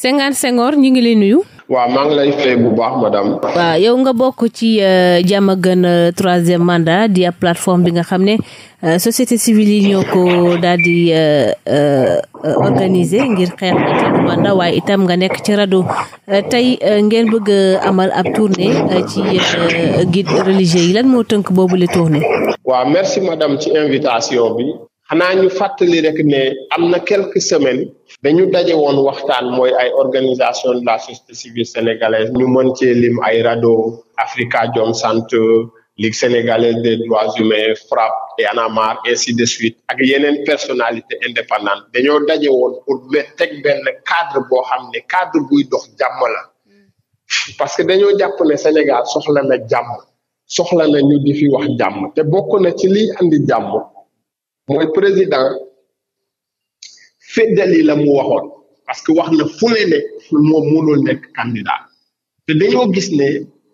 Senghane Senghor ñu ngi lay nuyu. waaw maa ngi lay fay bu baax madame. waaw yow nga bokk ci Diamaguène euh, euh, troisième manda di ab plateforme bi nga xam ne euh, société civile yi ko daal di organiser ngir xeex troisième mandat waaye itam nga nekk ci rajo tey ngeen bëgg amal ab tournée ci guide religieux yi moo tënk boobu la tournée. waaw merci madame ci invitation bi. xanaa ñu fàttali rek ne am na quelques semaines dañu daje woon waxtaan mooy ay organisation de la société civile ñu mën cee lim ay RADDHO Afrikajom Center Ligue sénégalaise des droits humains FRAPP et Y ak yeneen personnalité indépendante dañoo daje woon pour teg benn cadre boo xam ne cadre buy dox jàmm la parce que dañoo jàpp ne Sénégal soxla na jàmm soxla na ñu di fi wax jàmm te bokk na ci liy andi jàmm mooy président feddali la mu waxoon parce que wax na fu ne ne moom mënul nekk candidat te dañoo gis ne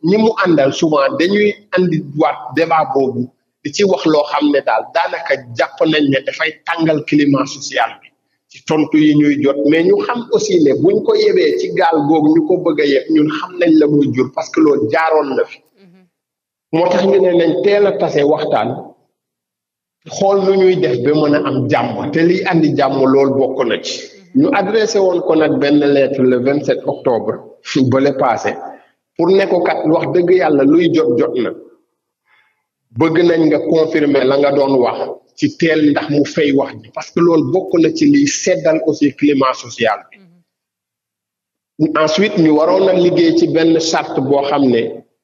ñi mu àndal souvent dañuy andi waat débat boobu di ci wax loo xam ne daal daanaka jàpp nañ ne dafay tàngal climat social bi ci tontu yi ñuy jot mais ñu xam aussi ne buñ ko yebee ci gaal googu ñu ko bëgg a ñun xam nañ la muy jur parce que loolu jaaroon na fi mm-hmm. moo tax ñu ne nañ teel a tase waxtaan. xool nu ñuy def ba mën a am jàmm te liy andi jàmm lool bokk na ci ñu adressé woon ko nag benn leet le vingt sept octobre bale passé pour ne ko wax dëgg yàlla luy jot jot na bëgg nañ nga confirmer la nga doon wax ci teel ndax mu fay wax ji parce que loolu bokk na ci liy seddal aussi climat social bi mm-hmm. ensuite ñu waroon a liggéey ci benn charte boo xam ne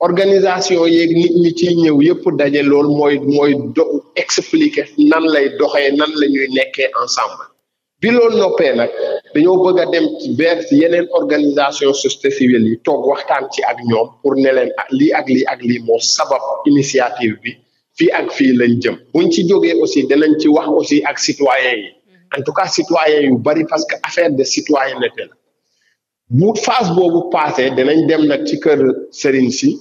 organisation yeeg nit ñi ci ñëw yëpp daje lool mooy mooy do expliquer nan lay doxee nan lañuy nekkee ensemble bi loolu noppee nag dañoo bëgg a dem ci yeneen organisation société civile yi toog waxtaan ci ak ñoom pour ne leen ah, lii ak lii ak lii moo sabab initiative bi fii ak fii lañ jëm buñ ci jógee aussi danañ ci wax aussi ak citoyen yi mm-hmm. en tout cas citoyen yu bari parce que affaire de citoyenneté la bu phase boobu passé danañ dem nag ci kër Serigne si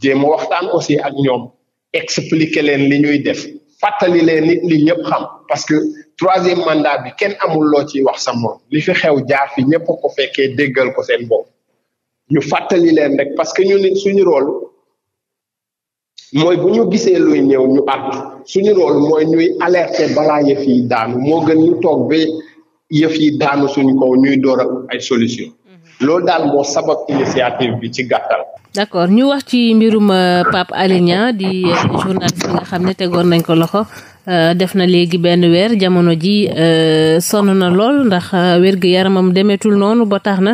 jéem a waxtaan aussi ak ñoom expliquer leen li ñuy def fàttali leen nit li ñëpp xam parce que troisième mandat bi kenn amul loo ciy wax sa li fi xew jaar fi ñëpp ko fekkee déggal ko seen bopp ñu fàttali leen rek parce que ñu nit suñu rôle mooy bu ñu gisee luy ñëw ñu àttu suñu rôle mooy ñuy alerter balaa yëf yi daanu moo gën ñu toog ba yëf yi daanu suñ ko ñuy door ay solution mm-hmm. loolu daal moo sabab initiative bi ci gàttal d' accord ñu wax ci mbirum euh, Pape Alé Niang di euh, journaliste bi nga xam ne tegoon nañ ko loxo euh, def na léegi benn weer jamono ji sonn na lool ndax wérgu yaramam demeetul noonu ba tax na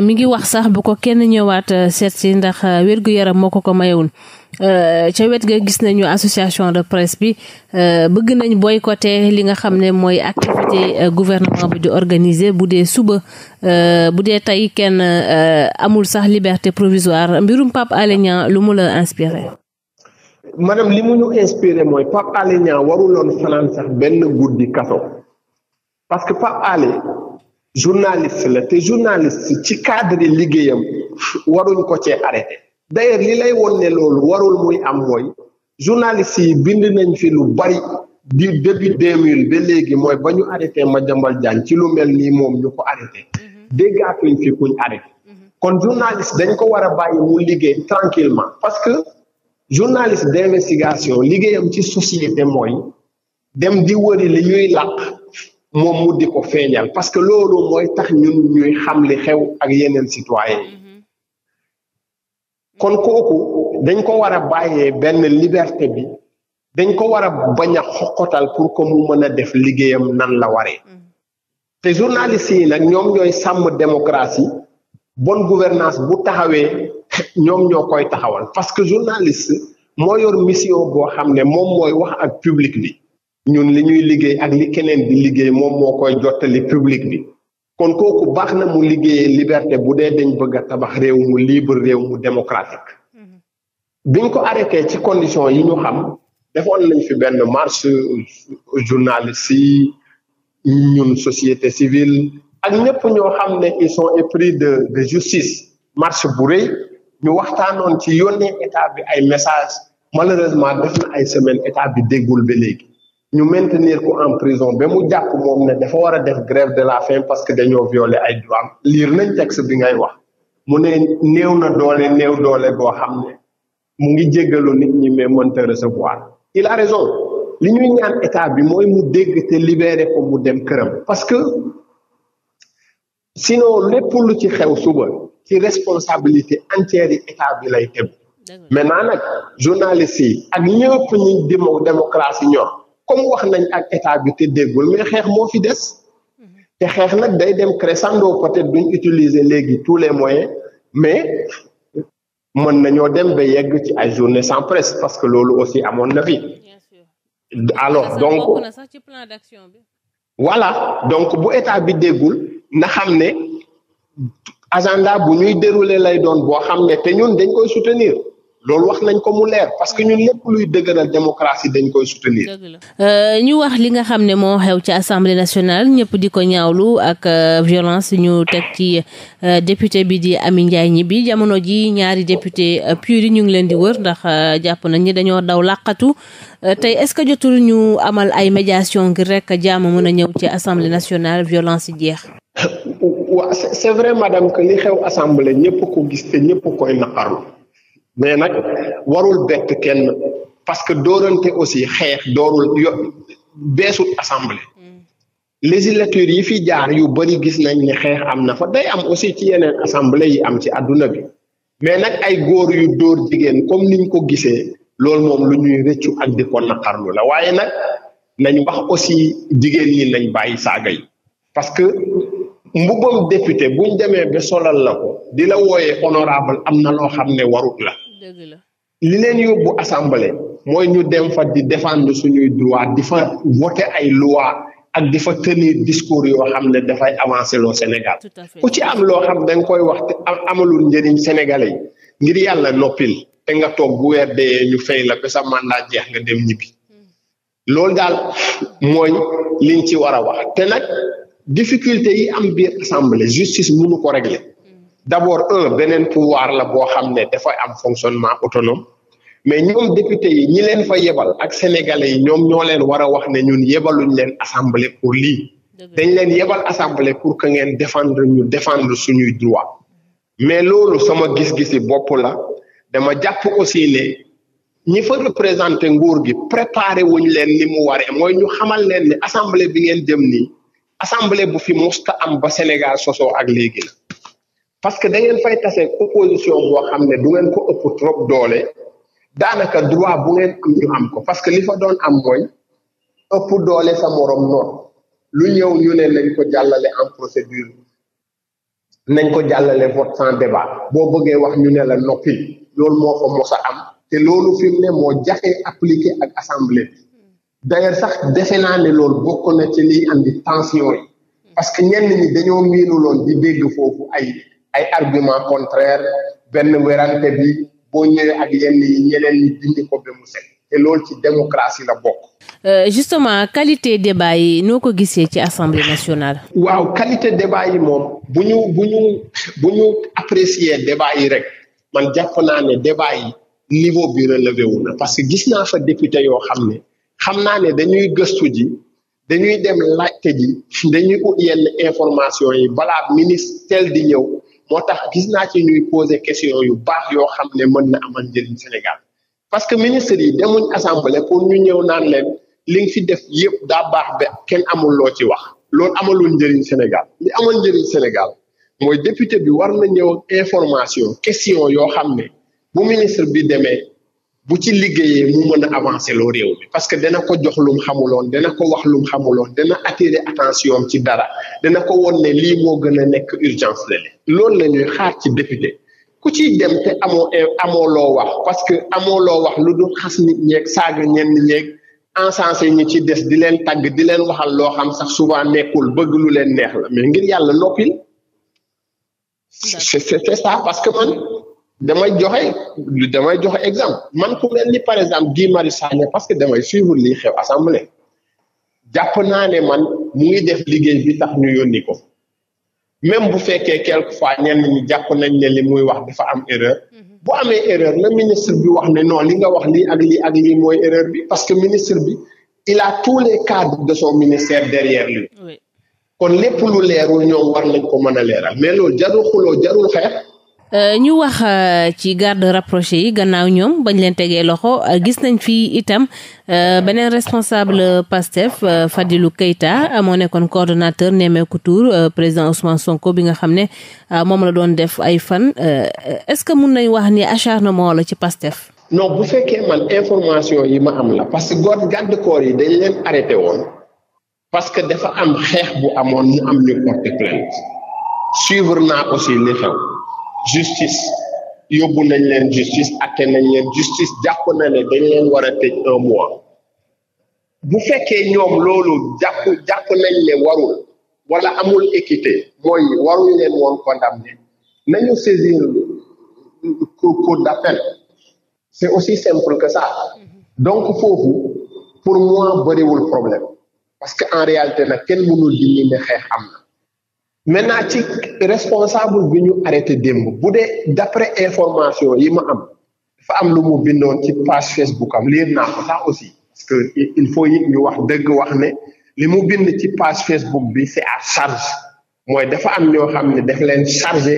mi ngi wax sax bu ko kenn ñëwaat seet si ndax wérgu yaram moo ko ko mayewul Euh, ca wet ga gis nañu association de presse bi euh, bëgg nañ boycotter li nga xam ne mooy activité euh, gouvernement bi di organiser bu dee suba bu dee tey kenn amul sax liberté provisoire mbirum Pape Alé Niang lu mu la inspiré maanaam li mu ñu inspiré mooy Pape Alé Niang waruloon fanaan sax benn guddi kaso parce que Pape Alé journaliste la te journaliste ci cadre liggéeyam waruñ ko cee arrêté d'ailleurs li lay woon ne loolu warul muy am mooy journaliste yi bind nañ fi lu bari di début deux mille ba léegi mooy ba ñu arrêté jëmbal Diagne ci lu mel nii moom ñu ko arrêté mhm. déggaatuñ fi kuñ arrêté mhm. kon journaliste dañ ko war a bàyyi mu liggéey tranquillement parce que journaliste d'investigation liggéeyam ci société mooy dem di wëri li ñuy làq moom mu di ko feeñal parce que loolu mooy tax ñun ñuy xam li xew ak yeneen citoyen yi kon kooku dañ ko war a bàyyee benn liberté bi dañ ko war a bañ a xoqotal pour que mu mën a def liggéeyam nan la waree mm. te journalistes yi nag ñoom ñooy sàmm démocratie bon gouvernance bu taxawee ñoom ñoo koy taxawal parce que journaliste moo yor mission boo xam ne moom mooy wax ak public bi ñun li ñuy liggéey ak li keneen di liggéey moom moo koy jottali public bi kon kooku baax na mu liggéeyee liberté bu dee dañ bëgg a tabax réew mu libre réew mu démocratique mm-hmm. biñ ko arrêté ci condition yi ñu xam defoon nañ fi benn marche journaliste si ñun société civile ak ñëpp ñoo xam ne ils sont épris de de justice marche bu rëy ñu waxtaanoon ci yónnee état bi ay message malheureusement def na ay semaine état bi déggul ba léegi ñu maintenir ko en prison ba mu jàpp moom ne dafa war a def grève de la faim parce que dañoo violer ay droit liir nañ texte bi ngay wax mu ne néew na doole néew doole boo xam ne mu ngi jéggalu nit ñi mais mënta recevoir il a raison li ñuy ñaan état bi mooy mu dégg te libere ko mu dem këram parce que sinon lépp lu ci xew suba ci responsabilité entière yi état bi lay tegu maintenant nag journalistes yi ak ñëpp ñi démo démocratie ñor comme wax nañ ak état bi te déggul mais xeex moo fi des te xeex nag day dem crescendo peut-être duñ utiliser léegi tous les moyens mais mën nañoo dem ba yegg ci ay journée sans presse parce que loolu aussi amoon na fi alors donc voilà donc bu état bi déggul na xam ne agenda bu ñuy dérouler lay doon boo xam ne te ñun dañ koy soutenir loolu wax nañ ko mu leer parce que ñun lépp luy dëgëral démocratie dañ koy soutenir. Euh, ñu wax li nga xam ne moo xew ci assemblée nationale ñëpp di ko ñaawlu ak euh, violence ñu teg ci euh, député bi di Amy Ndiaye Gniby jamono ji ñaari député pur yi ñu ngi leen di wër ndax jàpp nañ ñi dañoo daw làqatu tey est-ce que jotul ñu amal ay médiation ngir rek jàmm mën a ñëw ci assemblée nationale violence yi jeex. waaw c'est vrai madame que li xew assemblée ñëpp ko gis te ñëpp koy naqarlu. mais nag warul bett kenn parce que doorante aussi xeex doorul yo beesul assemblée mm. législature yi fi jaar yu bëri gis nañ ni xeex am na fa day am aussi ci yeneen assemblée yi am ci adduna bi mais nag ay góor yu dóor jigéen comme niñ ko gisee loolu moom lu ñuy rëccu ak di ko naqarlu la waaye nag nañ wax aussi jigéen yi nañ bàyyi saaga yi parce que mbubam député buñ demee ba solal la ko di la wooye honorable am na loo xam ne warut la dëgg la li leen yóbbu assemblée mooy ñu dem fa di défendre suñuy droit di fa voter ay loi ak di fa tenir discours yoo xam ne dafay avancer loo Sénégal ku ci am loo xam da nga koy wax amalul njëriñ Sénégalais ngir yàlla noppil te nga toog bu weer dee ñu fay la ba sa mandat jeex nga dem ñibbi hmm. loolu daal mooy liñ ci war a wax te nag difficulté yi am biir assemblée justice mënu ko régler d'abord un beneen pouvoir la boo xam ne dafa am fonctionnement autonom mais ñoom député yi ñi leen fa yebal ak sénégalais yi ñoom ñoo leen war a wax ne ñun yebaluñ leen assemblée pour lii dañ leen yebal assemblée pour que ngeen défendre ñu défendre suñuy droit mais loolu sama gis-gisi bopp la dama jàpp aussi ne ñi fa représenté nguur gi préparé wuñ leen ni mu waree mooy ñu xamal leen ne assemblée bi ngeen jëm nii assemblée bu fi musta am ba Sénégal sosoo ak léegi parce que da ngeen fay tase opposition boo xam ne du ngeen ko ëpp trop doole daanaka droit bu ngeen am ñu am ko parce que li fa doon am mooy ëpp doole sa moroom noonu lu ñëw ñu ne nañ ko jàllale en procédure nañ ko jàllale vote sans débat boo bëggee wax ñu ne la noppi loolu moo fa mos am te loolu fi mu ne moo jaxee appliqué ak assemblée bi d'ailleurs sax defe naa ne loolu bokk na ci ni indi tension yi parce que ñenn ñi dañoo loon di dégg foofu ay ay argument contraire benn werante bi boo ñëwee ak yenn yi ñeneen ñi dindi ko ba mu set te loolu ci démocratie la bokk. Euh, justement qualité débat yi noo ko gisee ci assemblée waaw qualité débat yi moom bu ñu bu ñu bu ñu apprécier débat yi rek man jàpp naa ne débat yi niveau bi relevé wu na parce que gis naa fa député yoo xam ne xam naa ne dañuy gëstu ji. dañuy dem laajte ji dañuy ut yenn information yi balaa ministre tel di ñëw moo tax gis naa ci ñuy poser question yu baax yoo xam ne mën na amal njëriñ Sénégal parce que ministre yi demuñ assemblée pour ñu ñëw naan leen li nga fi def yëpp daa baax ba kenn amul loo ci wax loolu amalul njëriñ Sénégal li amal njëriñ Sénégal mooy député bi war na ñëw information question yoo xam ne bu ministre bi demee bu ci liggéeyee mu mën a avancer loo réew mi parce que dana ko jox lum xamuloon dana ko wax lum xamuloon dana attirer attention ci dara dana ko won ne lii moo gën a nekk urgence la ne loolu la ñuy xaar ci député ku ci dem te amoo amoo loo wax parce que amoo loo wax lu dul xas nit ñeeg saaga ñenn ñeeg encensé ñi ci des di leen tagg di leen waxal loo xam sax souvent nekkul bëgg lu leen neex la mais ngir yàlla noppil c'est ça parce que man damay joxe damay joxe exemple man ku mel ni par exemple Guy Marius Sagna parce que damay suivre lii xew assemblée jàpp naa ne man mu ngi def liggéey bi tax ñu yónni ko même bu fekkee quelque fois ñenn ñi jàpp nañ ne li muy wax dafa am erreur mhm. bu amee erreur la ministre bi wax ne non li nga wax lii ak lii ak lii mooy erreur bi parce que ministre bi il a tous les cadres de son ministère derrière lui kon lépp lu leerul ñoom war nañ ko mën a leeral mais loolu jarul xuloo jarul xeex Euh, ñu wax euh, ci garde rapproché yi gannaaw ñoom bañ leen tegee loxo euh, gis nañ fii itam beneen responsable PASTEF fadilu Keita moo nekkoon coordonnateur Nemmeeku Tour président Ousmane Sonko bi nga xam ne moom la doon def ay fan est-ce que mun nañ wax ni acharnement la ci PASTEF. non bu fekkee man information yi ma am la parce que góor garde corps yi dañ leen arrêté woon parce que dafa am xeex bu amoon mu am ñu porte plainte suivre naa aussi xew. justice yóbbu nañ leen justice atte nañ leen justice jàpp na ne dañ leen war a tëj un mois bu fekkee ñoom loolu jàpp jàpp nañ ne warul wala amul équité mooy waruñ leen woon condamné nañu saisir cour d'appel c'est aussi simple que ça donc foofu pour moi bëriwul problème parce que en réalité na kenn mënul dindi ne xeex am maintenant ci responsable bi ñu arrêté démb bu dee d'après information yi ma am dafa am lu mu bindoon ci page Facebook am liir naa ko aussi parce que il faut ñu wax dëgg wax ne li mu bind ci page Facebook bi c'est à charge mooy dafa am ñoo xam ne daf leen chargé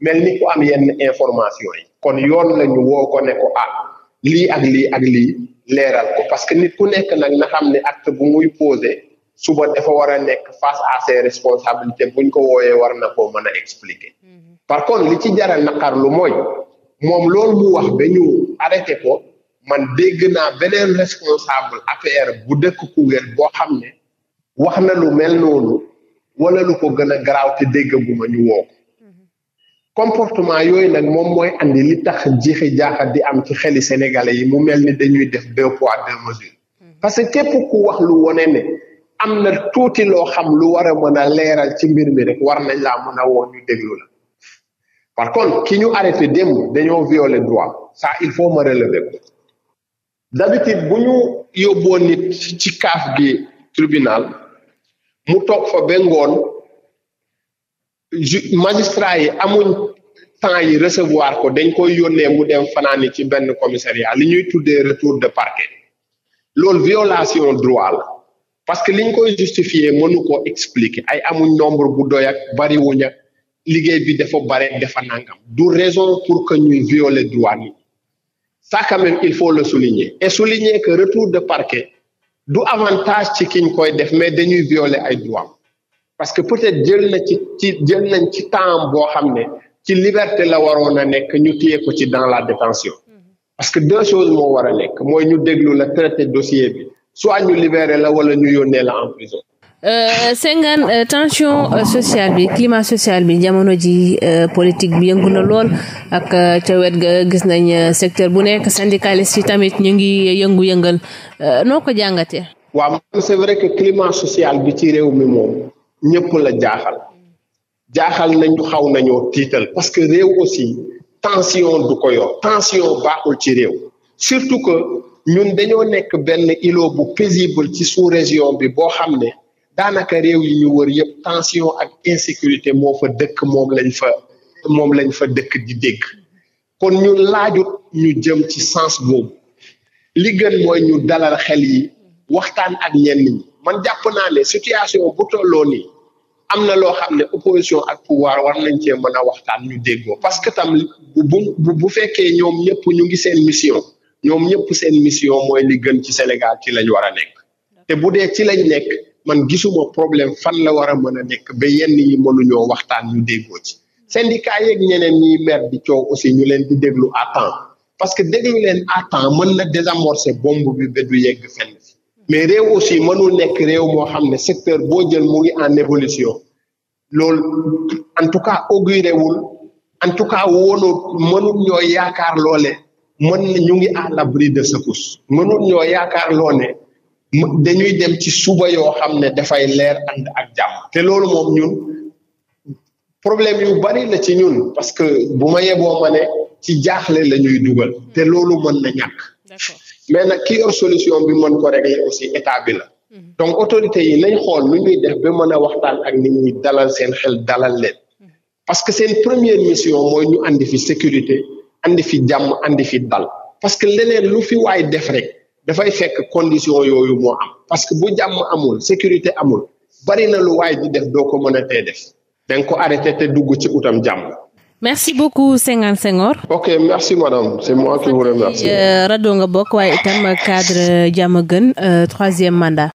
mel ni ku am yenn information yi kon yoon la ñu woo ko ne ko ah lii ak lii ak lii leeral ko parce que nit ku nekk nag na xam ne acte bu muy posé suba dafa war a nekk a face à ses responsabilités ñu ko wooyee war na koo mën a expliquer mhm. par contre li ci jara naqar lu mooy moom loolu wax ba ñu ko man dégg naa beneen responsable APR bu dëkk Koungheul boo xam ne wax na lu mel noonu lu ko gën a garaaw te déggaguma ñu woo ko mhm. comportement yooyu nag moom mooy indi li tax jiixi jaaxa di am ci xeli sénégalais yi mu mel ni dañuy def deux poids deux mesures mhm. parce que képp ku wax lu wone ne am na tuuti loo xam lu war a mën a leeral ci mbir mi rek war nañ laa mën a woon ñu déglu la par contre ki ñu arrêté démb dañoo violer droit ça il faut ma relever ko bu ñu yóbboon nit ci kaaf gi tribunal mu toog fa ba ngoon magistrat yi amuñ temps yi recevoir ko dañ koy yónnee mu dem fanaani ci benn commissariat li ñuy tuddee retour de parquet loolu violation droit la parce que liñ koy justifier mënu koo expliquer ay amuñ nombre bu doy ak bariwuñ ak liggéey bi dafa bare dafa nangam du raison pour que ñuy violer droit nit ça quand il faut le souligner et souligner que retour de parquet du avantage ci kiñ koy def mais dañuy violer ay droit parce que peut-être jël na ci ci jël nañ ci temps boo xam ne ci liberté la waroon a nekk ñu téye ci dans la détention mm-hmm. parce que deux choses moo war a nekk mooy ñu déglu la traité dossier bi soit ñu libéré la wala ñu yónnee la en prison. Euh, euh tension euh, sociale bi climat social bi jamono ji euh, politique bi yëngu na lool ak ca wet ga gis nañ secteur bu nekk syndicaliste si tamit ñu ngi yëngu-yëngal noo ko jàngatee. waa man c'est vrai que climat social bi ci réew mi moom ñëpp la jaaxal jaaxal nañu xaw nañoo tiital parce que réew aussi tension du ko yor tension baaxul ci réew surtout que. ñun dañoo nekk benn ilo bu paisible ci sous-région bi boo xam ne daanaka réew yi ñu wër yëpp tension ak insécurité moo fa dëkk moom lañ fa moom lañ fa dëkk di dégg kon ñun laajut ñu jëm ci sens boobu li gën mooy ñu dalal xel yi waxtaan ak ñenn ñi man jàpp naa ne situation bu tolloo nii am na loo xam ne opposition ak pouvoir war nañ cee mën a waxtaan ñu déggoo parce que tam bu bu bu fekkee ñoom ñëpp ñu ngi seen mission. ñoom ñëpp seen mission mooy li gën ci Sénégal ci lañ war a nekk te bu dee ci lañ nekk man gisuma problème fan la war a mën a nekk ba yenn yi ñoo waxtaan ñu déggoo ci syndicat yeeg ñeneen ñiy mer di coow aussi ñu leen di déglu à temps parce que déglu leen à temps mën na désamorcer bombe bi ba du yegg fenn mais réew aussi mënul nekk réew moo xam ne secteur boo jël mu ngi en évolution loolu en tout cas auguréwul en tout cas woonul mënul ñoo yaakaar loole mën na ñu ngi à l'abri de secousse mënul ñoo yaakaar loo ne dañuy dem ci suba yoo xam ne dafay leer ak jàmm te loolu moom ñun problème yu bari la ci ñun parce que bu ma yeboo ma ne ci jaaxle la ñuy dugal te loolu mën na ñàkk mais nag ki yor solution bi mën ko régler aussi état bi la mhm. donc autorités yi nañ xool nu ñuy def ba mën a waxtaan ak nit ñi dalal seen xel dalal leen mhm. parce que seen première mission mooy ñu indi fi sécurité andi fi jàmm andi fi dal parce que leneen lu fi waay def rek dafay fekk condition yooyu moo am parce que bu jàmm amul sécurité amul bari na lu waay di def doo ko mën a tee def danga ko arrêté te dugg ci utam jàmm. merci beaucoup Senghane Senghor. ok merci madame c'est moi qui vous remercie. Euh, rajo nga bokk waaye itam cadre Diamaguène euh, troisième mandat.